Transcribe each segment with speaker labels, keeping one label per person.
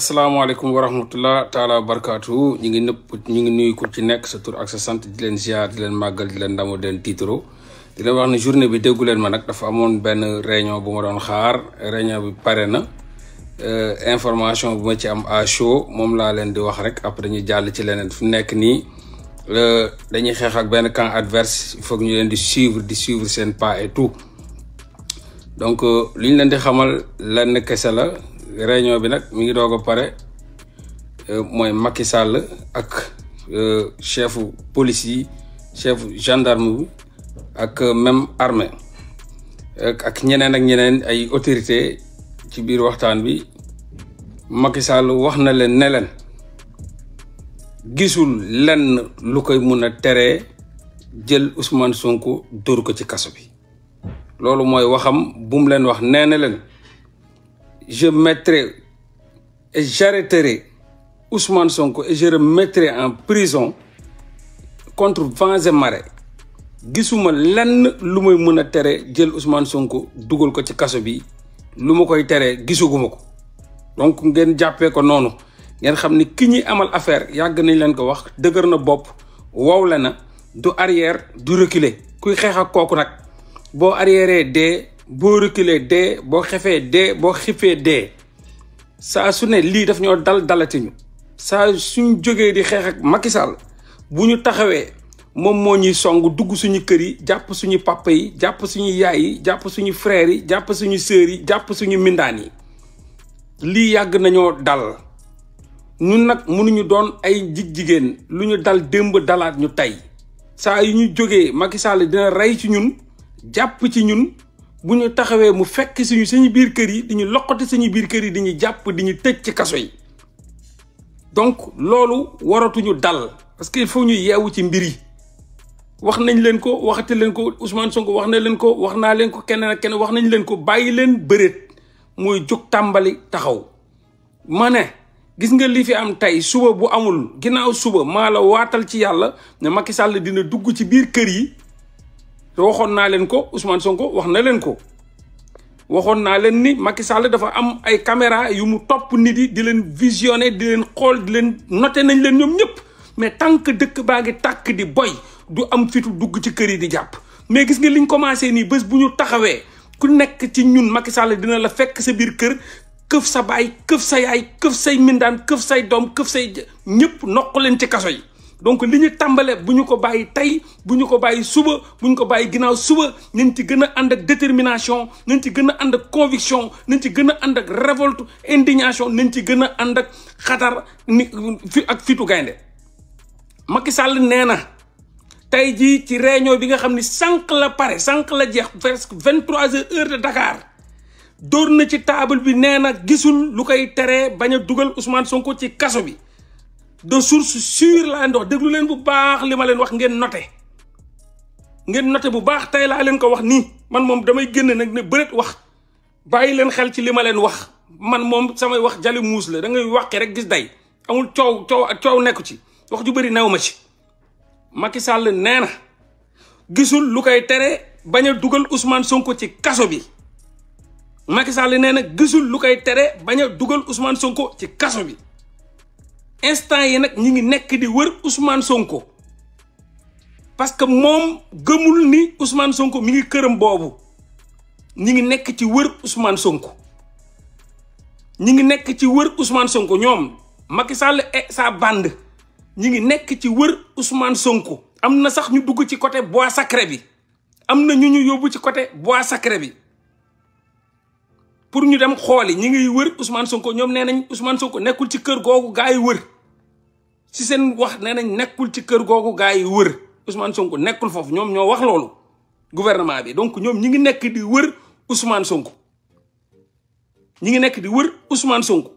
Speaker 1: asalaamaaleykum wa rahmatullah taala wa barakaatu ñu ngi nëpp ñu ngi nuyu ku ci nekk sa tur ak sa sant di leen ziar di leen màggal di leen ndamoo di leen tiitro leen wax ne journée bi déggu leen ma nag dafa amoon benn réunion bu ma doon xaar réunion bi pare na euh, information bu ma ci am à chaud moom laa leen di wax rek après ñu jàll ci leneen fu nekk nii euh, dañuy xeex ak benn camp adverse il faut ñu leen di suivre di suivre seen pas et tout donc euh, li ñu leen di xamal lenn kese la. réunion bi nag mi ngi doog a pare euh, mooy Macky Sall ak euh, chefu police yi chefu gendarme bi ak euh, même armée ak ñeneen ak ñeneen ay autorité ci biir waxtaan bi Macky wax na leen ne leen gisul lenn lu koy mun a teree jël Ousmane Sonko dóor ko ci kaso bi loolu mooy waxam bu leen wax nee na leen je mettrai et j'arrêterai Ousmane Sonko et je le mettrai en prison contre vents et marées gisuma lenn lu may mën a tere jël Ousmane Sonko dugal ko ci kaso bi lu ma koy teree gisuguma ko donc ngeen jàppee ko noonu ngeen xam ni ki ñuy amal affaire yàgg nañ leen ko wax dëgër na bopp wow la na du arrière du reculer kuy xeex ak kooku nag boo arrière dee boo reculer dee boo xefee dee boo xippee dee saa su ne lii daf ñoo dal dalatiñu ñu saa suñ jógee di xeex ak Macky bu ñu taxawee moom moo ñuy song dugg suñu kër yi jàpp suñu papa yi jàpp suñu yaay jàpp suñu frères yi jàpp suñu sœurs yi jàpp suñu mbindaan yi lii yàgg nañoo dal ñun nag mënuñu doon ay jig jigéen lu ñu dal démb dalaat ñu tey saa yu ñu jógee Macky Sall dina rey ci ñun jàpp ci ñun bu ñu taxawee mu fekk suñu suñu biir kër yi di ñu loqati suñu biir kër yi di ñu jàpp di ñu tëj ci kaso yi donc loolu waratuñu dal parce que il faut ñu yeewu ci mbir yi wax nañ leen ko waxati leen ko Ousmane Sonko wax na leen ko wax naa leen ko keneen ak wax nañ leen ko bàyyi leen bëreet mooy jóg tàmbali taxaw ma ne gis nga li fi am tey suba bu amul ginnaaw suba maa la waatal ci yàlla na Macky Sall dina dugg ci biir kër yi. waxoon naa leen ko Ousmane Sonko wax na leen ko waxoon naa leen ni Macky Sall dafa am ay caméra yu mu topp nit yi di leen visionné di leen xool di leen noté nañ leen ñoom ñëpp mais tant que dëkk baa ngi tàkk di boy du am fitu dugg ci kër yi di jàpp mais gis nga liñ commencé nii bés bu ñu taxawee ku nekk ci ñun Macky Sall dina la fekk sa biir kër këf sa baay këf sa yaay këf say mindaan këf say doom këf say ñëpp noq leen ci kaso yi donc li ñu tàmbale bu ñu ko bàyyi tey bu ñu ko bàyyi suba bu ñu ko bàyyi ginnaaw suba ñu ni ci gën a ànd ak détermination nañ ci gën a ànd ak conviction nañ ci gën a ànd ak révolte indignation nañ ci gën a ànd ak xatar ni ak fitu gaynde Macky Sall nee na tey jii ci réunion bi nga xam ni sànq la pare sànq la jeex presque vingt trois heures heure de dakaar dóor na ci table bi nee na gisul lu koy teree bañ a dugal Ousmane Sonko ci kaso bi de source sûre laa leen di leen bu baax li ma leen wax ngeen noté ngeen noté bu baax tey laa leen ko wax nii man moom damay génn nag ne bëreet wax bàyyi leen xel ci li ma leen wax man moom samay wax jali muus la da ngay waxee rek gis day amul coow coow ak coow nekku ci wax ju bëri new ma ci. Macky Sall nee gisul lu koy tere bañ a dugal Ousmane Sonko ci kaso bi Macky Sall nee na gisul lu koy tere bañ a dugal Ousmane Sonko ci kaso bi. instant yi nag ñi ngi nekk di wër Ousmane Sonko parce que moom gëmul ni usmaan Sonko mi ngi këram boobu ñi ngi nekk ci wër Ousmane Sonko ñi ngi nekk ci wër Ousmane Sonko ñoom Macky Sall et sa ñi ngi nekk ci wër Ousmane Sonko am na sax ñu dugg ci côté bois sacré bi am na ñu ñu yóbbu ci côté bois sacré bi pour ñu dem xooli ñu ngi wër Ousmane Sonko ñoom nee nañ Ousmane Sonko nekkul ci kër googu gaa yi wër si seen wax nee nañ nekkul ci kër googu gars yi wër Ousmane Sonko nekkul foofu ñoom ñoo wax loolu gouvernement bi donc ñoom ñi ngi nekk di wër Ousmane Sonko ñi ngi nekk di wër Ousmane Sonko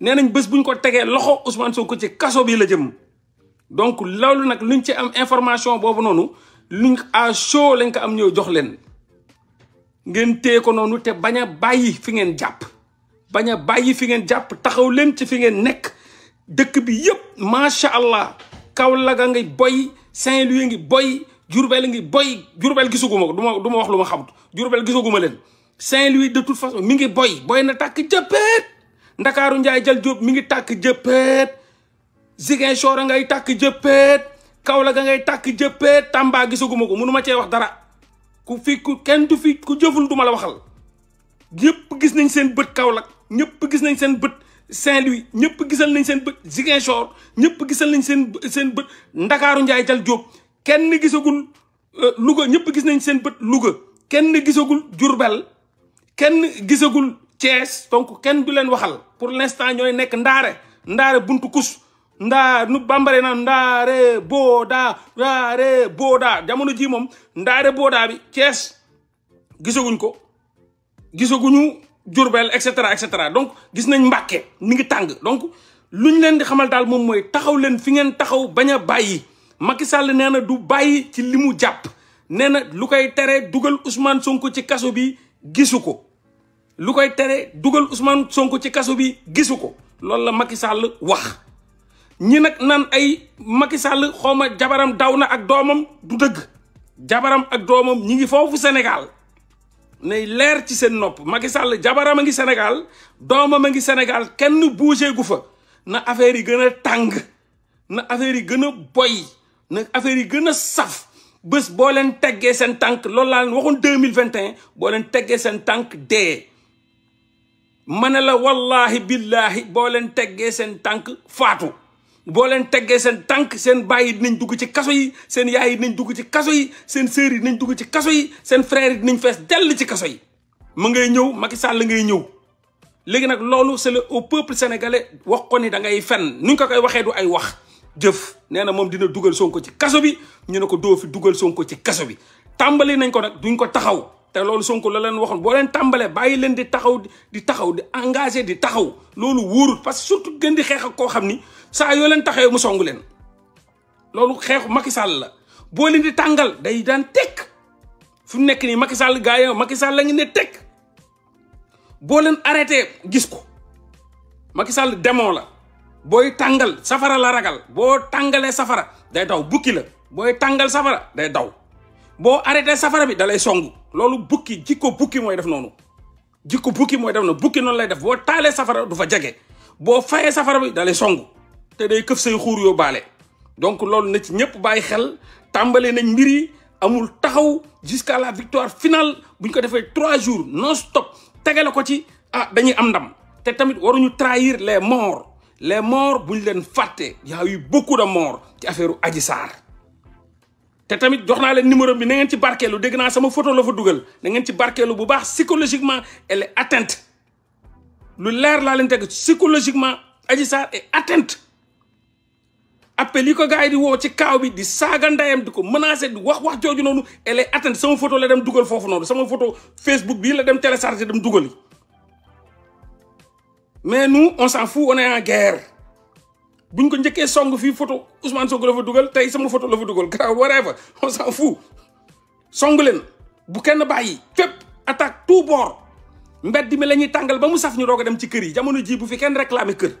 Speaker 1: nee nañ bés bu ñu ko tegee loxo Ousmane Sonko ci kaso bii la jëm donc loolu nag luñ ci am information boobu noonu luñ a chaud lañ ko am ñëw jox leen ngeen téye ko noonu te bañ a bàyyi fi ngeen jàpp bañ a bàyyi fi ngeen jàpp taxaw leen ci fi ngeen nekk. dëkk bi yëpp macha allah Kaolack gaa ngi boy Saint-Louis ngi boy Diourbel ngi boy Diourbel gisaguma ko du ma ma wax lu ma xamut Diourbel gisaguma leen Saint-Louis de toute façon mi ngi boy boy na takk jëppeet Ndakaaru Njaay jël Jóob mi ngi tàkk jëppeet Ziguinchor a ngay tàkk jëppeet Kaolack a ngay takk jëppeet Tamba gisaguma ko mënu ma cee wax dara ku fi ku kenn du fi ku jëful du la waxal ñëpp gis nañ seen bët Kaolack ñëpp gis nañ seen bët Saint-Louis ñëpp gisal nañ seen bët Ziguinchor ñëpp gisal nañ seen seen bët Ndakaaru Njaay Jal Jóob kenn gisagul euh, Louga ñëpp gis nañ seen bët Louga kenn gisagul Jurbel kenn gisagul Thiès donc kenn du leen waxal pour l'instant ñooy nekk ndaare ndaare buntu kus ndaa nu bambare na ndaare booda ndaare booda jamono ji moom ndaare boodaa bi Thiès gisaguñ ko gisaguñu Diourbel et cetera et cetera donc gis nañ Mbàkke mi ngi tàng donc lu ñu leen di xamal daal moom mooy taxaw leen fi ngeen taxaw bañ a bàyyi Macky Sall nee na du bàyyi ci li mu jàpp nee na lu koy tere dugal Ousmane Sonko ci kaso bi gisu ko lu koy tere dugal Ousmane Sonko ci kaso bi gisu ko loolu la Macky Sall wax ñi nag naan ay Macky Sall xawma jabaram daw na ak doomam du dëgg jabaram ak doomam ñi ngi foofu Sénégal nay leer ci seen nopp Macky Sall jabaram a ngi Sénégal doomam a ngi Sénégal kenn bougé gu fa na affaire yi gën a tàng na affaire yi gën a boy na affaire yi gën a saf bës boo leen teggee seen tànk loolu laa leen waxoon deux mille vingt et boo leen teggee seen tànk dee ma ne la wallaahi billaahi boo leen teggee seen tànk faatu boo leen teggee seen tànk seen bàyyi yi dinañ dugg ci kaso yi seen yaay yi dinañ dugg ci kaso yi seen sœur yi dinañ dugg ci kaso yi seen frère yi fees dell ci kaso yi ma ngay ñëw Macky Sall la ngay ñëw léegi nag loolu c'est le au peuple sénégalais wax ko ni da ngay fen nuñ ko koy waxee du ay wax jëf nee na moom dina dugal Sonko ci kaso bi ñu ne ko doo fi dugal Sonko ci kaso bi tàmbali nañ ko nag duñ ko taxaw te loolu Sonko la leen waxoon boo leen tàmbalee bàyyi leen di taxaw di taxaw di engagé di taxaw loolu wóorul parce que surtout gën di xeex ak koo xam ni saa yoo leen taxawee mu song leen loolu xeexu Macky Sall la boo leen di tàngal day daan tekk fu mu nekk nii Macky Sall gaa yi Macky Sall la ngi ne tekk boo leen arrêté gis ko Macky Sall demoo la booy tàngal safara la ragal boo tàngalee safara day daw bukki la booy tàngal safara day daw boo arrêté safara bi dalay songu loolu bukki jikko bukki mooy def noonu jikko bukki mooy def noonu bukki noonu lay def boo taalee safara du fa jege boo fayee safara bi dalay songu te day këf say xuur yoo baale donc loolu na ci ñëpp bàyyi xel tàmbalee nañ mbir yi amul taxaw jusqu'à la victoire finale bu ko defee trois jours non stop tegale ko ci ah dañuy am ndam te tamit waruñu trahir les morts les morts bu ñu leen fàtte y a eu a moor ci affaire Adji Sarr te tamit jox naa leen numéro bi na ngeen ci barkeelu dégg naa sama photo la fa dugal na ngeen ci barkeelu bu baax psychologiquement elle attent lu leer laa leen teg psychologiquement Adji Sarr est atteinte appel yi ko gars yi di woo ci kaaw bi di saaga ndayam di ko menacer di wax wax jooju noonu elle est sama photo la dem dugal foofu noonu sama photo Facebook bi la dem télécharger dem dugal mais nous on s'en fout on est en guerre bu buñ ko njëkkee song fii photo Ousmane Sonko la fa dugal tey sama photo la fa dugal garaaw waree fa on s'en fout song leen bu kenn bàyyi fépp attaque tout bord mbedd mi lañuy tàngal ba mu saf ñu doog a dem ci kër yi jamono jii bu fi kenn réclamer kër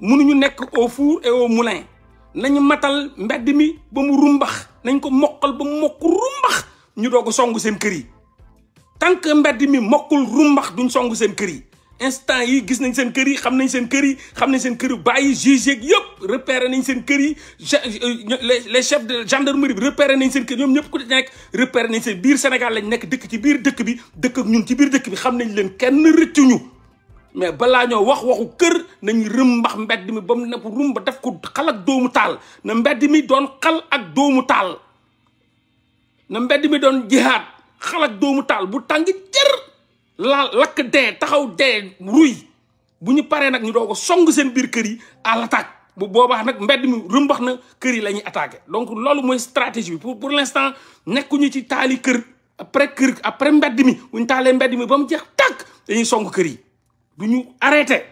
Speaker 1: mënuñu nekk au four et au nañu matal mbedd mi ba mu rumbax nañ ko mokkal ba mu mokk rumbax ñu doog a song seen kër yi tant que mbedd mi mokkul rumbax duñ song seen kër yi instant yi gis nañ seen kër yi xam nañ seen kër yi xam nañ seen kër yi bàyyi juge yeeg yëpp repéré nañ seen kër yi euh, le chef de gendarmerie bi repéré nañ seen kër ñoom ñëpp ku nekk repéré nañ seen biir Sénégal lañ nekk dëkk ci biir dëkk bi dëkk ak ñun ci biir dëkk bi xam nañ leen kenn rëccuñu mais balaa ñoo wax waxu kër nañ rëm mbax mbedd mi ba mu nekk rum def ko xal ak doomu taal na mbedd mi doon xal ak doomu taal na mbedd mi doon jihaad xal ak doomu taal bu tàng jër laal lakk dee taxaw dee ruy bu ñu paree nag ñu doog a song seen biir kër yi à l'attaque bu boobaa nag mbedd mi rëmbax na kër yi la ñuy attaqué donc loolu mooy stratégie bi pour pour l'instant nekkuñu ci taali kër après kër après mbedd mi bu ñu taalee mbedd mi ba mu jeex tàkk dañuy song kër yi du ñu arrêté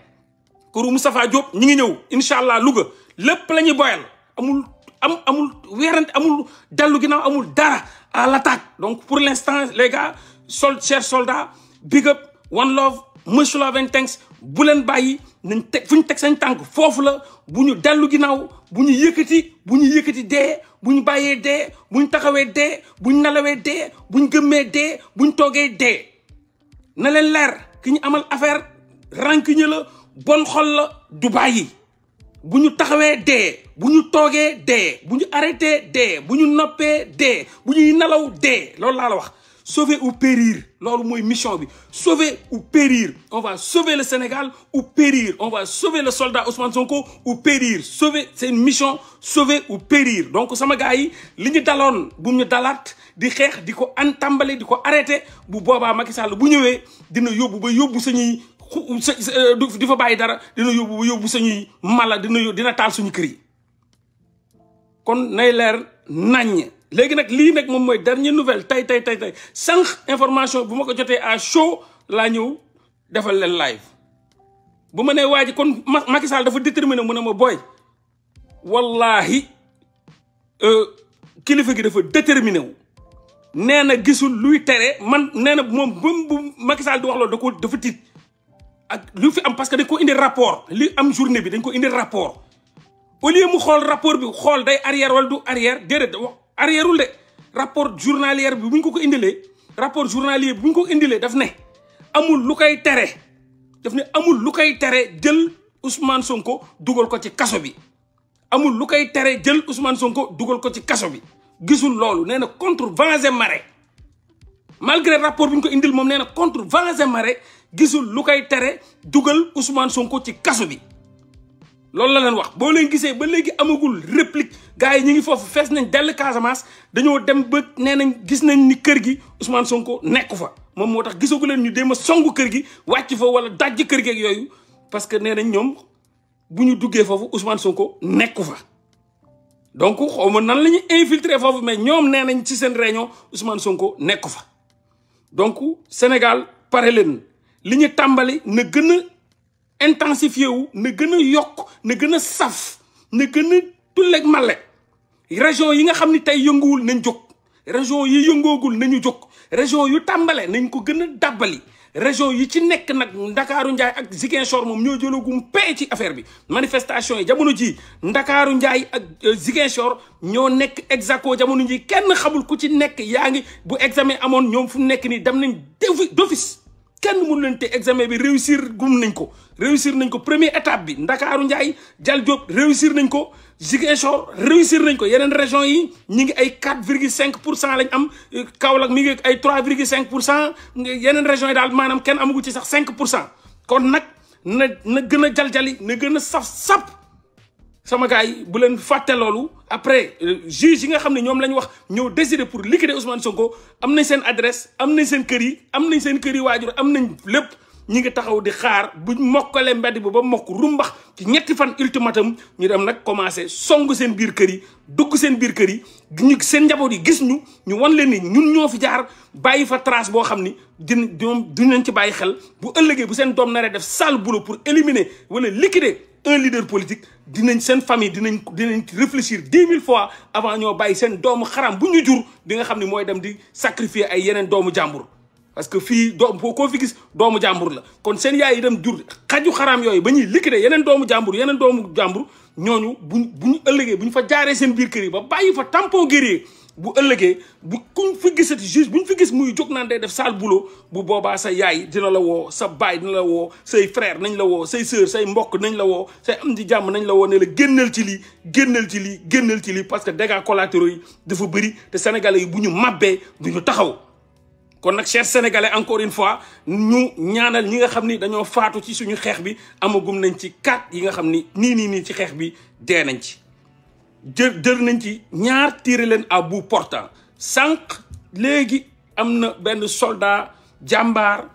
Speaker 1: këru Moustapha Diop ñi ngi ñëw incha allah Louga lépp la ñuy boyal amul am amul weerante amul dellu ginnaaw amul dara à l'attaque donc pour l'instant les gars sol chers soldats big up one love much love and thanks bu leen bàyyi nañ teg fu ñu teg sañ tànk foofu la bu ñu dellu ginnaaw bu ñu yëkkati bu ñu yëkkati dee bu ñu bàyyee dee bu ñu taxawee dee bu ñu nelawee dee bu ñu gëmmee dee bu ñu toogee dee na leen leer ki ñu amal affaire rancune la bon xol la du bu ñu taxawee dee bu ñu toogee dee bu ñu arrêté dee bu ñu noppee dee bu ñuy nalaw dee loolu laa la wax sauver ou périr loolu mooy mission bi sauver ou périr on va sauver le Sénégal ou périr on va sauver le soldat Ousmane Sonko ou périr sauver c'est mission sauver ou périr donc sama gars yi li ñu daloon bu ñu dalaat di xeex di ko tàmbalee di ko arrêté bu boobaa Macky Sall bu ñëwee dina yóbbu ba yóbbu sañuy euh, di fa bàyyi dara dina yóbbu ba yóbbu sañuy mala dina dina taal suñu kër yi kon nay leer naññ léegi nag lii nag moom mooy dernière nouvelle tey tey tey tey sànq information bu ma ko jotee à chaud laa ñëw defal leen live bu ma nee waa ji kon Macky Sall dafa déterminé mu ne ma booy wallaahi euh, kilifa gi dafa déterminé wu. nee na gisul luy tere man nee na moom bu bu Macky Sall di wax loolu da ko dafa tiit ak lu fi am parce que dañ ko indi rapport li am journée bi dañ ko indi rapport au lieu mu xool rapport bi xool day arrière wala du arrière déedéet wax. arrièreul de rapport journalier bi bu ñu ko ko indilee rapport journalier bi bu ñu ko indilee daf ne amul lu koy tere daf ne amul lu koy tere jël Ousmane Sonko dugal ko ci kaso bi amul lu koy tere jël Ousmane Sonko dugal ko ci kaso bi gisul loolu nee na contre vents et marées malgré rapport bi ñu ko indil moom nee na contre vents et marées gisul lu koy tere dugal Ousmane Sonko ci kaso bi loolu la leen wax boo leen gisee ba léegi amagul réplique gars yi ñu ngi foofu fees nañ dell Casamance dañoo dem ba nee nañ gis nañ ni kër gi Ousmane Sonko nekku fa moom moo tax gisagu leen ñu dem a songu kër gi wàcc fa wala dajj kër gi yooyu parce que nee nañ ñoom bu ñu duggee foofu Ousmane Sonko nekku fa. donc xaw nan la ñuy foofu mais ñoom nee nañ ci seen réunion Ousmane Sonko nekku fa donc Sénégal pare leen li ñu tàmbali na gën intensifié wu na gën a yokk na gën a saf na gën a tulleeg male région yi nga xam ni tey yënguwul nañ jóg région yi yëngoogul nañu jóg région yu tàmbale nañ ko gën a dàbbali région yi ci nekk nag ndakaaru njaay ak Ziguinchor moom ñoo jëlagum pay ci affaire bi manifestation yi jamono ji ndakaaru njaay ak euh, Ziguinchor ñoo nekk exaco jamono ji kenn xamul ku ci nekk yaa ngi bu examen amoon ñoom fu nekk nii dem nañ dofis kenn mënu leen te examen bi réussir gum nañ ko réussir nañ ko premier étape bi ndakaaru njaay jal jóob réussir nañ ko Ziguinchor réussir nañ ko yeneen région yi ñi ngi ay 4 virgule cinq pour cent lañ am Kaolack mi ngi ay 3 virgule cinq pour cent yeneen région yi daal maanaam kenn amagu ci sax cinq pour cent kon nag na na gën a jaljali na gën a saf sap sama bu leen fàtte loolu après euh, juge yi nga xam ne ñoom la ñu wax ñëw décider pour liquider Ousmane Sonko am nañ seen adresse am nañ seen kër yi am nañ seen kër yi waajur am nañ lépp ñu ngi taxaw di xaar bu mokkale mbedd bi ba mokk rumbax ci ñetti fan ultimatum ñu dem nag commencé song seen biir kër yi dugg seen biir kër yi ñu seen njaboot yi gis ñu ñu wan leen ni ñun ñoo fi jaar bàyyi fa trace boo xam ni din ñoom duñ leen ci bàyyi xel bu ëllëgee bu seen doom naree def sale boulot pour éliminer wala liquider un leader politique dinañ seen famille dinañ dinañ réfléchir dix mille fois avant ñoo bàyyi seen doomu xaram bu ñu jur di nga xam ni mooy dem di sacrifier ay yeneen doomu jàmbur parce que fii doom foo koo fi gis doomu jàmbur la kon seen yaay yi dem jur xaju xaraam yooyu ba ñuy liquider yeneen doomu jàmbur yeneen doomu jàmbur ñooñu buñ bu ñu ëllëgee bu ñu fa jaaree seen biir kër yi ba bàyyi fa tampon guerrier bu ëllëgee bu kuñ fi gisati juste ñu fi gis muy jóg naan day def sale bulo bu boobaa sa yaay dina la woo sa baay dina la woo say frère nañ la woo say sœur say mbokk nañ la woo say am di jàmm nañ la woo ne la génnal ci lii génnal ci lii génnal ci lii parce que dégâts yi dafa bëri te sénégalais yi bu ñu màbbee du ñu taxaw kon nag chers sénégalais encore in fois ñu ñaanal ñi nga xam ni dañoo faatu ci suñu xeex bi amagum nañ ci quatre yi nga xam ni nii nii nii ci xeex bi dee nañ ci jë jër nañ ci ñaar tiire leen à bout portant sànq léegi am na benn soldat jàmbaar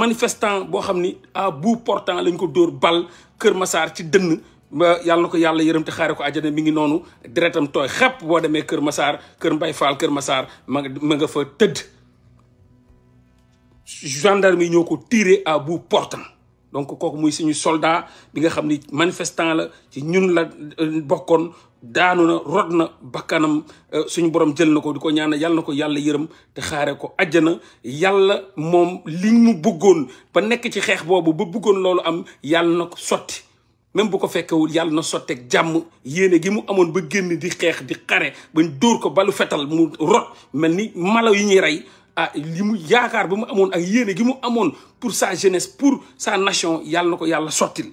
Speaker 1: manifestant boo xam ni à bout portant lañ ko dóor bal Kër Massar ci dënn yàlla na ko yàlla yërëm te xaare ko àjjana mi ngi noonu deretam tooy xepp boo demee Kër Massar Kër Mbay Fall Kër Massar ma nga fa tëdd gendarme yi ñoo ko tiré à bout portant donc kooku muy suñu soldat bi nga xam ni manifestant la ci ñun la euh, bokkoon daanu na rod na bakkanam euh, suñu borom jël na ko di ko ñaan yàlla na ko yàlla yërëm te xaare ko àjjana yàlla moom li mu bëggoon ba nekk ci xeex boobu ba buggoon loolu am yàlla na ko sotti même bu ko fekkewul yàlla na sotteek jàmm yéene gi mu amoon ba génn di xeex di xare bañ dóor ko balu fetal mu rot mel ni malaw yi ñuy rey ah li mu yaakaar ba mu amoon ak yéene gi mu amoon pour sa jeunesse pour sa nation yàlla na ko yàlla sottil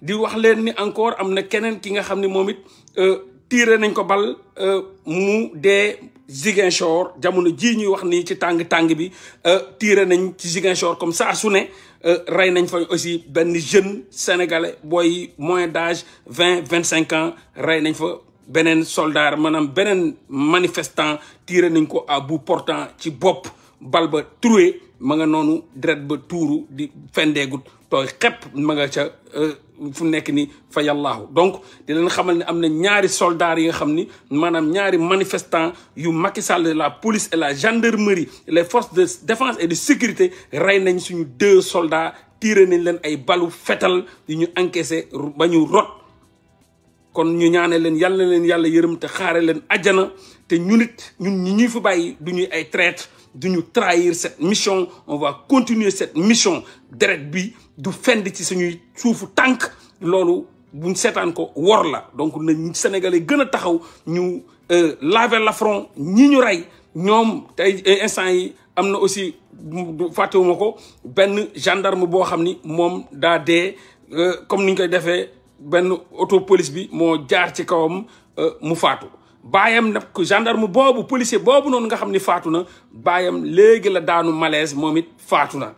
Speaker 1: di wax leen ni encore am na keneen ki nga xam ne moom it euh, tiire nañ ko bal euh, mu dee Ziguinchor jamono jii ñuy wax nii ci tàng-tàng bi euh, tiire nañ ci Ziguinchor comme ça sune Euh, rey nañ fa aussi benn jeune sénégalais booy moyen d'âge vingt vingt cinq ans rey nañ fa beneen soldat maanaam beneen manifestant tiré nañ ko à bout portant ci bopp bal ba troué ma nga noonu deret ba tuuru di fendeegut tooy xepp ma nga ca euh, fu nekk ni fa yàllaahu donc di leen xamal ne am na ñaari soldats yi nga xam ni maanaam ñaari manifestants yu Macky Sall la police et la gendarmerie les force de défence et de sécurité rey nañ suñu deux soldats tiré nañ leen ay balu fetal yu ñu encaissé ba ñu rot kon ñu ñaane leen yàlla leen yàlla yërëm te xaare leen ajjana te ñun it ñun ñi ñuy fa bàyyi du ñuy ay traître duñu trahir cette mission on va continuer cette mission deret bi du fend ci suñuy suufu tànk loolu buñ seetaan ko wor la donc na sénégalais gën a taxaw ñu euh, laver l'affront ñi ñu rey ñoom tey euh, instant yi am na aussi fàttewuma ko benn gendarme boo xam ni moom daa dee euh, comme ni koy defee benn auto police bi moo jaar ci kawam mu faatu baayam nag gendarme boobu policier boobu noonu nga xam ni faatu na baayam léegi la daanu malaise moom it faatu na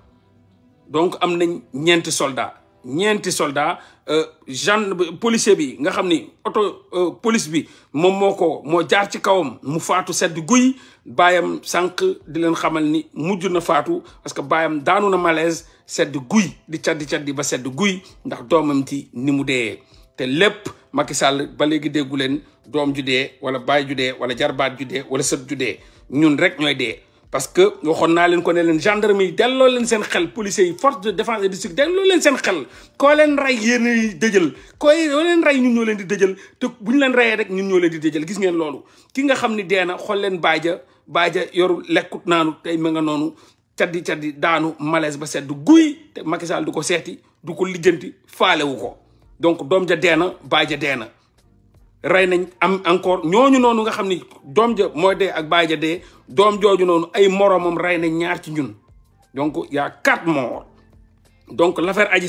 Speaker 1: donc am nañ ñeenti solda ñeenti soldat euh, gendarme policier bi nga xam ni oto euh, police bi moom moo ko moo jaar ci kawam mu faatu sedd guy baayam sànq di leen xamal ni mujj na faatu parce que baayam daanu na malaise sedd guy di caddi caddi ba sedd guy ndax doomam ci ni mu dee te lépp Macky Sall ba léegi déggu leen doom ju dee wala baay ju dee wala jarbaat ju dee wala sët ju dee ñun rek ñooy dee. parce que waxoon naa leen ko ne leen gendarme yi delloo leen seen xel policiers yi force de défense et de sécurité delloo leen seen xel koo leen rey yéen a dëjël koo leen rey ñun ñoo leen di dëjël te bu leen reyee rek ñun ñoo leen di dëjël gis ngeen loolu ki nga xam ni dee na xool leen baaja baaja yoru lekkut naanu tey ma nga noonu caddi caddi daanu malaise ba sedd guy te du ko seeti du ko lijjanti faalewu ko donc doom ja dee na baay ja na rey nañ am encore ñooñu noonu nga xam ni doom ja mooy dee ak baay de doom jooju noonu ay moroomam rey nañ ñaar ci ñun donc y' a quatre morts donc l' affaire Adji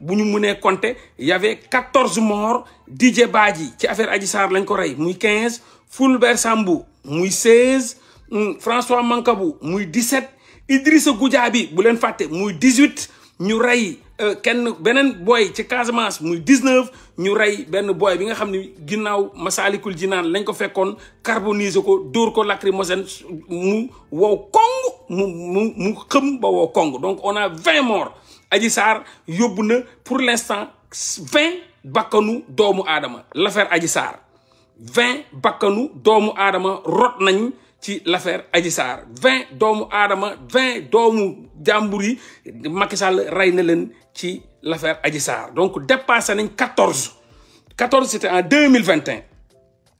Speaker 1: bu ñu mënee compter y' avait quatorze morts Didier Badji ci affaire aji Sarr lañ ko rey muy quinze Fulbert Sambou muy seize hmm, François Mancabou muy dix-sept Idrissa Goudiaby bu leen fàtte muy dix-huit ñu rey. Euh, kenn beneen booy ci Casamance muy 19 ñu rey benn booy bi nga xam ni ginnaaw Masaalikul naan lañ ko fekkoon carboniser ko dóor ko lacrymogène mu wow kong mu mu mu xëm ba wow kong donc on a 20 morts Adji Sarr yóbbu na pour l'instant 20 bakkanu doomu aadama l'affaire Adji Sarr 20 bakkanu doomu aadama rot nañ ci l'affaire Adji Sarr vingt doomu aadama vingt doomu jàmbur yi Macky Sall rey na leen ci l'affaire Adji Sarr donc dépassé nañ quatorze quatorze c'était en deux mille vingt et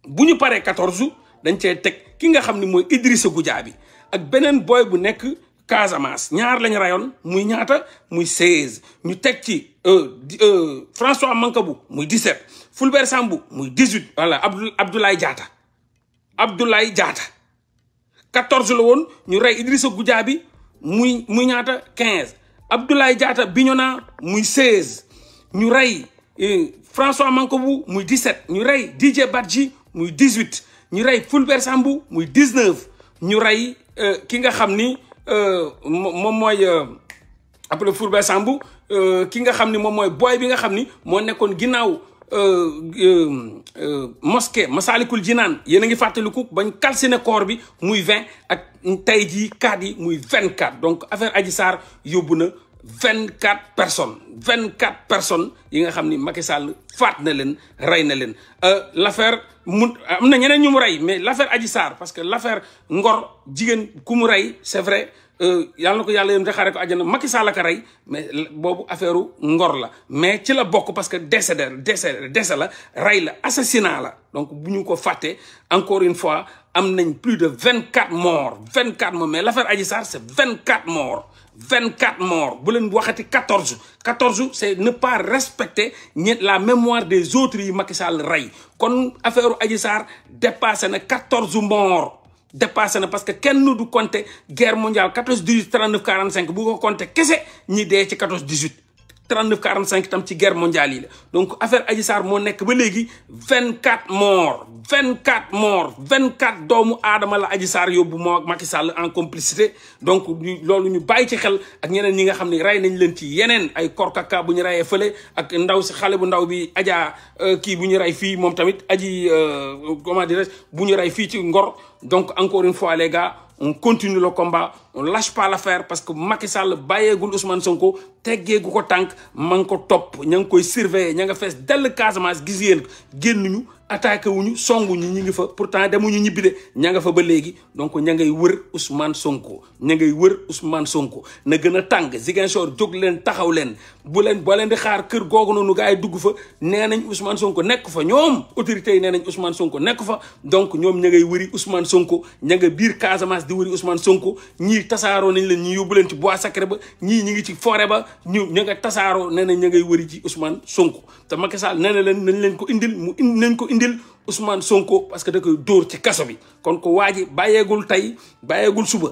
Speaker 1: bu ñu paree quatorze dañ cee teg ki nga xam ni mooy Idrissa Goudiaby ak beneen boy bu nekk Casamance ñaar lañ rayoon muy ñaata muy seize ñu teg ci euh, euh, François Mancabou muy dix-sept Fulbert Sambou muy dix-huit voilà Abdoulaye Diatta Abdoulaye Diatta 14 la woon ñu rey Idrissa Goudiaby muy muy ñaata 15 Abdoulaye Diatta Bignona muy 16 ñu rey eh, François bu muy 17 ñu rey Didier Badji muy 18 ñu rey Fulbert Sambou muy 19 ñu rey ki nga xam ni moom mooy après Fulbert Sambou ki nga xam ni moom mooy booy bi nga xam ni moo nekkoon ginnaaw. Euh, euh, euh, mosquée Masaalikul Jinaan yéen a ngi fàttaliku bañ calciné corps bi muy 20 ak tey jii kaat yi muy 24 donc affaire aji Sarr yóbbu na 24 personnes 24 personnes yi nga xam ni Macky faat na leen rey na leen l' affaire mun am na ñeneen ñu mu rey mais l' affaire Adji Sarr parce que lafaire Ngor jigéen ku mu rey c' est vrai. Euh, yàlla na ko yàlla yéen te xaaree ko àjjana Macky Sall ka rey boobu affaire ngor la mais ci la bokk parce que décédé décédé décès la rey la assassinat la donc bu ñu ko fàttee encore une fois am nañ plus de vingt quatre morts vingt quatre morts mais l'affaire Adji Sarr c'est vingt quatre morts vingt quatre morts bu leen waxati quatorze quatorze c'est ne pas respecter ñet la mémoire des autres yi Macky Sall rey kon affaire Adji Sarr dépassé na quatorze morts dépassé na parce que kenn du compter guerre mondiale 14 18 39 45 bu ko compter kese ñi dee ci 14 18. quarante cinq tam ci guerre mondiale yi la donc affaire Adji Sarr moo nekk ba léegi 24 morts 24 morts 24 doomu aadama la Adji Sarr yóbbu moo ak Macky en complicité donc loolu ñu bàyyi ci xel ak ñeneen ñi nga xam ni ray nañ leen ci yeneen ay korkaka bu ñu reyee fële ak ndaw si xale bu ndaw bi Adja euh, kii bu ñu rey fii moom tamit aji euh, comment dirais bu ñu rey fii ci Ngor donc encore une fois les gars u continue le combat on lâche pas l'affaire parce que Macky Sall bàyyeegul Ousmane Sonko teggeegu ko tànk ma ko topp ña ngi koy surveiller ña nga fees dell Casamance gis yéen génnuñu attaqué wuñu songuñu ñi ngi fa pourtant demuñu ñibbi de ña nga fa ba léegi donc ña ngay wër Ousmane Sonko ña ngay wër Ousmane Sonko na gën a tàng Ziguinchor jóg leen taxaw leen bu leen boo leen di xaar kër googu noonu gars yi dugg fa nee nañ Ousmane Sonko nekk fa ñoom autorités yi nee nañ Ousmane Sonko nekk fa donc ñoom ña ngay wëri Ousmane Sonko ña biir Casamance di wëri Ousmane Sonko ñii tasaaroo nañ leen ñi yóbbu leen ci bois sacré ba ñii ñi ngi ci foore ba ñu ña nga tasaaroo nee nañ ña ngay wëri ci Ousmane Sonko te Macky Sall nee na leen nañ leen ko indil mu nañ ko indil indil Ousmane Sonko parce que da koy dóor ci kaso bi kon ko waa ji bàyyeegul tey bàyyeegul suba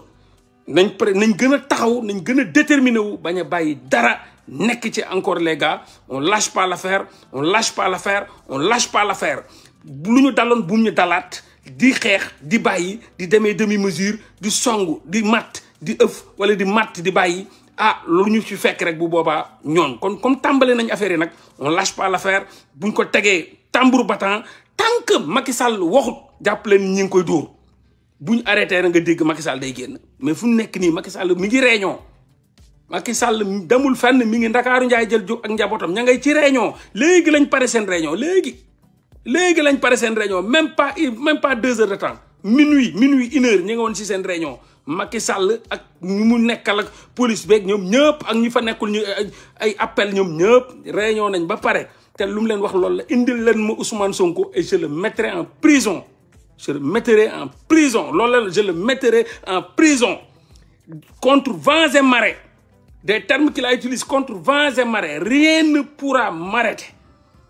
Speaker 1: nañ pare nañ gën a taxaw nañ gën a déterminé wu bañ a bàyyi dara nekk ci encore légal gars on lâche pas l'affaire on lâche pas l'affaire on lâche lu ñu daloon bu ñu dalaat di xeex di bàyyi di demee demi mesure di song di matt di ëf wala di matt di bàyyi ah lu ñu ci fekk rek bu boobaa ñoon kon comme tàmbale nañ affaire yi nag on lâche pas l'affaire buñ ko tegee tambour battant tant que Macky Sall waxut jàpp leen ñi ngi koy dóor bu ñu arrêté na nga dégg Macky Sall day génn mais fu nekk nii Macky Sall mi ngi réunion Macky Sall demul fenn mi ngi ndakaaru njaay jël jóg ak njabootam ña ngay ci réunion léegi lañ pare seen réunion léegi léegi lañ pare seen réunion même pas même pas deux heures de temps minuit minuit une heure ñu ngi woon si seen réunion Macky Sall ak mu nekkal ak police beeg ñoom ñëpp ak ñu fa nekkul ñu ay appel ñoom ñëpp réunion nañ ba pare te lu leen wax loolu la indil leen ma Ousmane Sonko et je le mettrai en prison je le mettrai en prison loolu la je le mettrai en prison contre vents et des termes qu'il utilise contre vents et marées rien ne pourra m'arrêter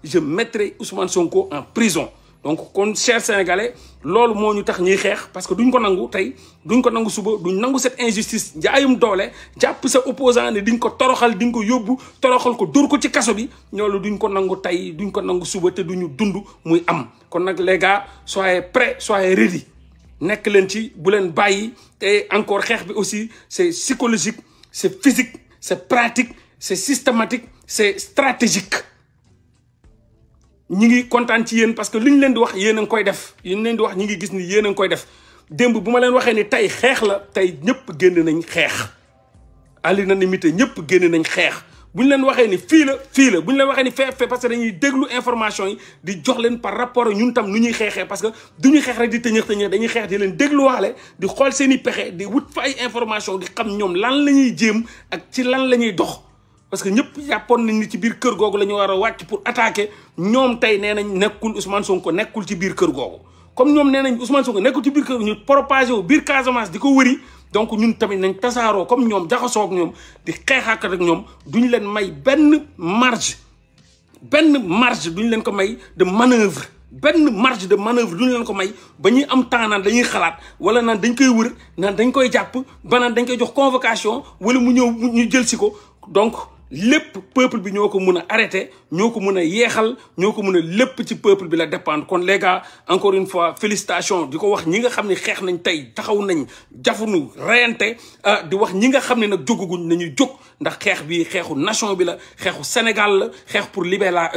Speaker 1: je mettrai Ousmane Sonko en prison donc kon cher sénégalais loolu moo ñu tax ñuy xeex parce que duñ ko nangu tey duñ ko nangu suba duñ nangu cette injustice jaayum doole jàpp sa opposant ne diñ ko toroxal diñ ko yóbbu toroxal ko dóor ko ci kaso bi loolu duñ ko nangu tey duñ ko nangu suba te duñu dund muy am kon nag les gars soyez prêts soyez ready nekk leen ci bu leen bàyyi te encore xeex bi aussi c'est psychologique c'est physique c'est pratique c'est systématique c'est stratégique ñi ngi kontaan ci yéen parce que li ñu leen di wax yéen a ngi koy def li ñu leen di wax ñi ngi gis ni yéen a ngi koy def démb bu ma leen waxee ni tey xeex la tey ñëpp génn nañ xeex à l'unanimité ñëpp génn nañ xeex bu ñu leen waxee ni fii la fii la bu ñu leen waxee ni fee fee parce que dañuy déglu information yi di jox leen par rapport ñun tam nu ñuy xeexee parce que du ñuy xeex rek di tëñëx tëñëx dañuy xeex di leen dégluwaale di xool seen i pexe di wut fa ay information di xam ñoom lan la ñuy jéem ak ci lan la ñuy dox parce que ñëpp jàppoon nañ ni ci biir kër googu la ñu war a wàcc pour attaquer ñoom tey nee nañ nekkul Ousmane Sonko nekkul ci biir kër googu comme ñoom nee nañ Ousmane Sonko nekkul ci biir kër ñu propagé wu biir Casamance di ko wëri donc ñun tamit nañ tasaaroo comme ñoom jaxasoo ak ñoom di xeexaak ak ñoom duñu leen may benn marge benn marge duñu leen ko may de manœuvre benn marge de manœuvre duñu leen ko may ba ñuy am temps naan dañuy xalaat wala naan dañ koy wër naan dañ koy jàpp ba naan dañ koy jox convocation wala mu ñëw ñu jël si ko donc lépp peuple bi ñoo ko mën a arrêté ñoo ko mën a yeexal ñoo ko mën a lépp ci peuple bi la dépendre kon les gars encore une fois félicitations di ko wax ñi nga xam ni xeex nañ tey taxaw nañ jafunu reyante ah, di wax ñi nga xam ne nag jógaguñ nañuy jóg ndax xeex bi xeexu nation bi la xeexu Sénégal la xeex pour libéra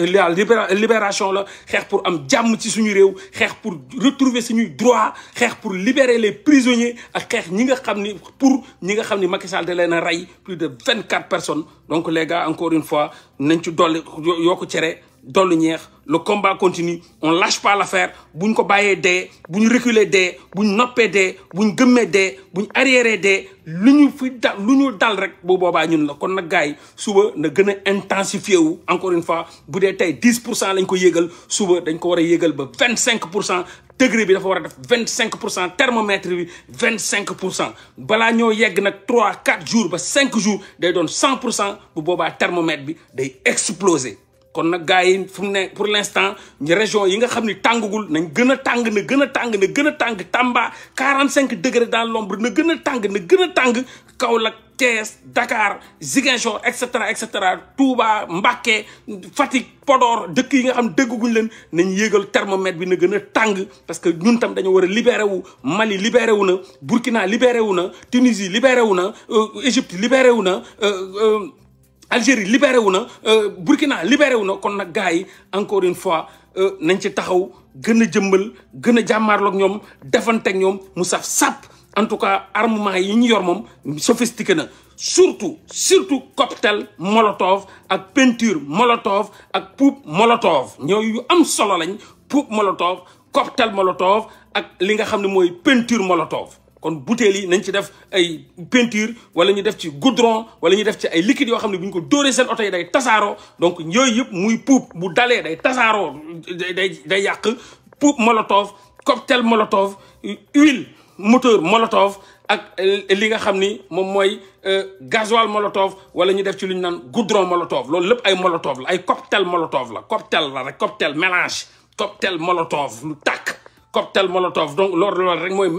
Speaker 1: libération la xeex pour am jàmm ci suñu réew xeex pour retrouver suñuy droit xeex pour libérer les prisonniers ak xeex ñi nga xam ni pour ñi nga xam ni Macky Sall leen a rey de vingt-quatre personnes donc les gars encore une fois nañ ci dolli yokku cere dollu ñeex le combat continue on lâche pas l'affaire bu ñu ko bàyyee dee bu ñu reculer dee bu ñu noppee dee bu ñu gëmmee dee bu ñu arriéré dee lu ñu fi dal lu ñu dal rek bu boobaa ñun la kon nag gars yi suba na gën a intensifié wu encore une bu dee tey 10 pour cent lañ ko yéegal suba dañ ko war a yéegal ba 25 pour cent degré bi dafa war a def 25 pour cent thermomètre bi 25 pour cent balaa ñoo yegg nag trois 4 jours ba cinq jours day doon 100 pour cent bu boobaa thermomètre bi day exploser kon nag gars yi fu ne pour l' instant région yi nga xam ni tàngagul nañ gën a tàng na gën a tàng na gën a tàng Tamba 45 degré dans l'ombre na gën a tàng na gën a tàng Kaolack Thiès Dakar Ziguinchor et cetera et cetera Touba Mbacké Fatick Podor dëkk yi nga xam dëgguñ leen nañ yéegal thermomètre bi na gën a tàng parce que ñun tam dañoo war a libéré wu Mali libéré wu na Burkina libéré wu na Tunisie libéré wu na euh, Égypte libéré wu na. Euh, euh, Algérie libéré wu na euh, Burkina libéré wu na kon nag gars yi encore une fois euh, nañ ci taxaw gën a jëmbal gën a jàmmaarloog ñoom defanteeg ñoom mu saf sàpp en tout cas armement yi ñu yor moom sophistiqué na surtout surtout cocktail molotov ak peinture molotov ak poupe molotov ñoo yu am solo lañ poupe molotov cocktail molotov ak li nga xam ne mooy peinture molotov kon butéel yi nañ ci def ay peinture wala ñu def ci goudron wala ñu def ci ay liquide yoo xam ne bu ñu ko dóoree seen oto yi day tasaaroo donc yooyu yëpp muy puub bu dalee day tasaaroo day day yàq puub molotov cocktail molotov huile moteur molotov ak li nga xam ni moom mooy euh, gasoil molotov wala ñu def ci lu ñu naan goudron molotov loolu lépp ay molotov la ay cocktail molotov la cocktail la rek cocktail mélange cocktail molotov lu tàkk cocktail molotov donc loolu loolu rek mooy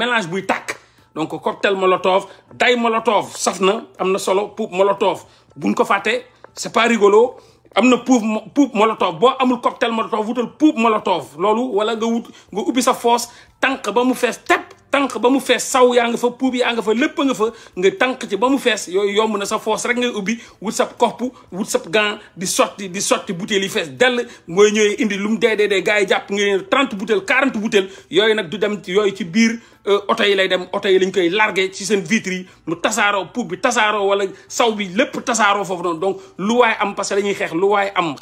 Speaker 1: donc cocktail molotov day molotov saf na am na solo puub molotov buñ ko fàtte c'est pas rigolo am na puub puub molotov boo amul cocktail molotov wutal puub molotov loolu wala nga wut nga ubbi sa foos tànk ba mu fees tepp tànk ba mu fees saw yaa ngi fa puub yaa nga fa lépp nga fa nga tànk ci ba mu fees yooyu yomb na sa foos rek ngay ubbi wut sa kopp wut sa gan di sotti di sotti butéel yi fees dell mooy ñëwee indi lu mu dee dee dee gars yi jàpp nga ne 30 butéel 40 yooyu nag du dem yooyu ci biir Euh, oto yi lay dem oto yi lañ koy largué ci seen vitres yi mu tasaaroo puug bi tasaaroo wala saw bi lépp tasaaroo foofu noonu donc lu waay am parce que dañuy xeex lu waaye am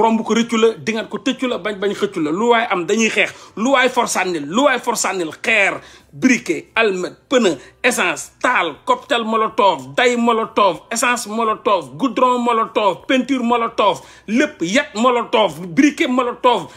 Speaker 1: romb ko rëccu la dingat ko tëccu la bañ bañ xëccu la lu waaye am dañuy xeex lu waay forsànnil lu waay forsànnil xeer briquet almet pneu essence taal cocktail molotov day molotov essence molotov goudron molotov peinture molotov lépp yat molotov briquet molotov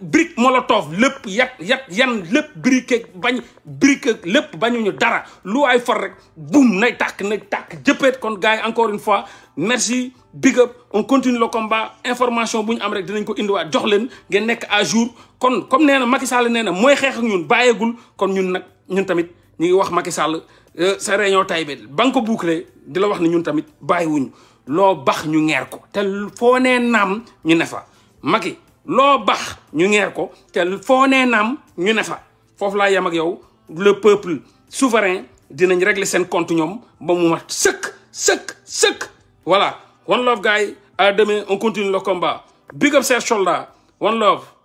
Speaker 1: brique molotov lépp yat yat yan lépp briquet bañ briquet lépp bañuñu dara lu ay for rek bum nay tàkk nay tàkk jëppeet kon gars yi encore une fois merci big up on la le combat information bu ñu am rek dinañ ko indiwaat jox leen ngeen nekk à jour kon comme nee na Macky Sall nee na mooy xeex ak ñun bàyyeegul kon ñun nag ñun tamit ñu ngi wax Macky Sall euh, sa réunion tay bi ko boucler di la wax ne ñun tamit bàyyiwuñu loo bax ñu ngeer ko te foo nee naam ñu ne fa Macky loo bax ñu ngeer ko te foo nee naam ñu ne fa foofu laa yem ak yow le peuple souverain dinañ régler seen compte ñoom ba mu mat sëkk sëkk sëkk Voilà. One love, guy. À demain, on continue le Big up, Serge Soldat. One love.